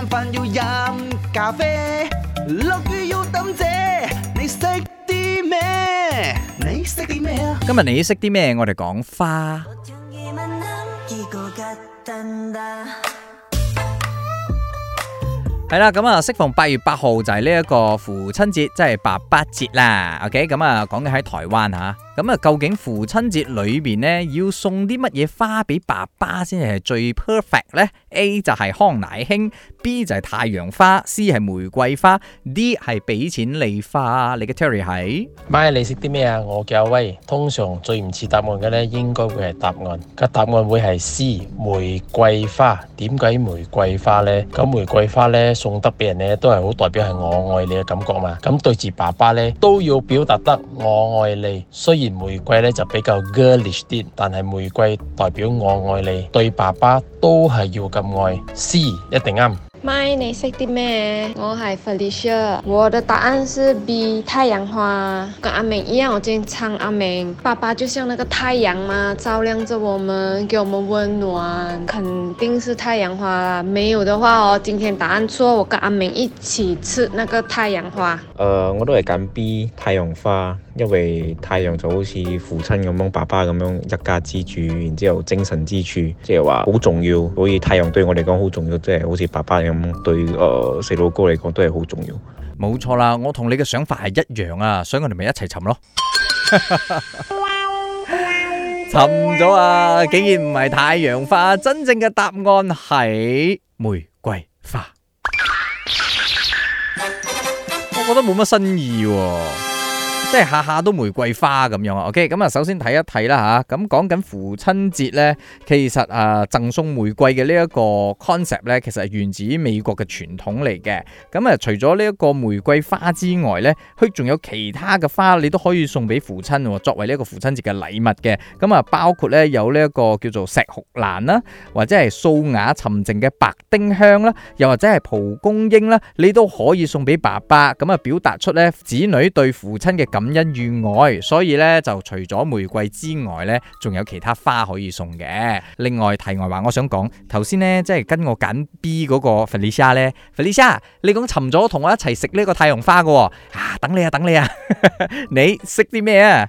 食飯要飲咖啡，落雨要飲遮，你識啲咩？你識啲咩啊？今日你識啲咩？我哋講花。係啦，咁啊，適逢八月八號就係呢一個父親節，即係爸爸節啦。OK，咁啊，講緊喺台灣嚇。咁啊，究竟父親節裏邊呢要送啲乜嘢花俾爸爸先係最 perfect 咧？A 就係康乃馨。B 就係太陽花，C 係玫瑰花，D 係俾錢你花。你嘅 Terry 係，媽，你識啲咩啊？我叫阿威，通常最唔似答案嘅咧，應該會係答案。個答案會係 C 玫瑰花。點解玫瑰花咧？咁玫瑰花咧送得俾人咧都係好代表係我愛你嘅感覺嘛。咁對住爸爸咧都要表達得我愛你。雖然玫瑰咧就比較 girlish 啲，但係玫瑰代表我愛你，對爸爸都係要咁愛。C 一定啱。Hi, 你識啲咩？我、oh, 係 Felicia，我的答案是 B 太陽花。跟阿明一樣，我今日撐阿明。爸爸就像那個太陽嘛，照亮着我們，給我們溫暖，肯定是太陽花啦。沒有的話哦，我今天答案錯。我跟阿明一起吃那個太陽花。誒、呃，我都係揀 B 太陽花，因為太陽就好似父親咁樣，爸爸咁樣一家之主，然之後精神支柱，即係話好重要，所以太陽對我嚟講好重要，即係好似爸爸咁。對誒、呃，細佬哥嚟講都係好重要。冇錯啦，我同你嘅想法係一樣啊，所以我哋咪一齊沉咯。 沉咗啊！竟然唔係太陽花，真正嘅答案係玫瑰花。我覺得冇乜新意喎、啊。即係下下都玫瑰花咁樣啊，OK，咁啊，首先睇一睇啦吓，咁講緊父親節咧，其實啊，呃、贈送玫瑰嘅呢一個 concept 咧，其實係源自於美國嘅傳統嚟嘅。咁啊，除咗呢一個玫瑰花之外咧，佢仲有其他嘅花你都可以送俾父親，作為呢個父親節嘅禮物嘅。咁啊，包括咧有呢一個叫做石斛蘭啦，或者係素雅沉靜嘅白丁香啦，又或者係蒲公英啦，你都可以送俾爸爸，咁啊，表達出咧子女對父親嘅。感恩遇愛，所以咧就除咗玫瑰之外咧，仲有其他花可以送嘅。另外題外話，我想講，頭先咧即係跟我揀 B 嗰個 Felicia 咧，Felicia，你講尋咗同我一齊食呢個太陽花嘅，啊，等你啊，等你啊，你識啲咩啊？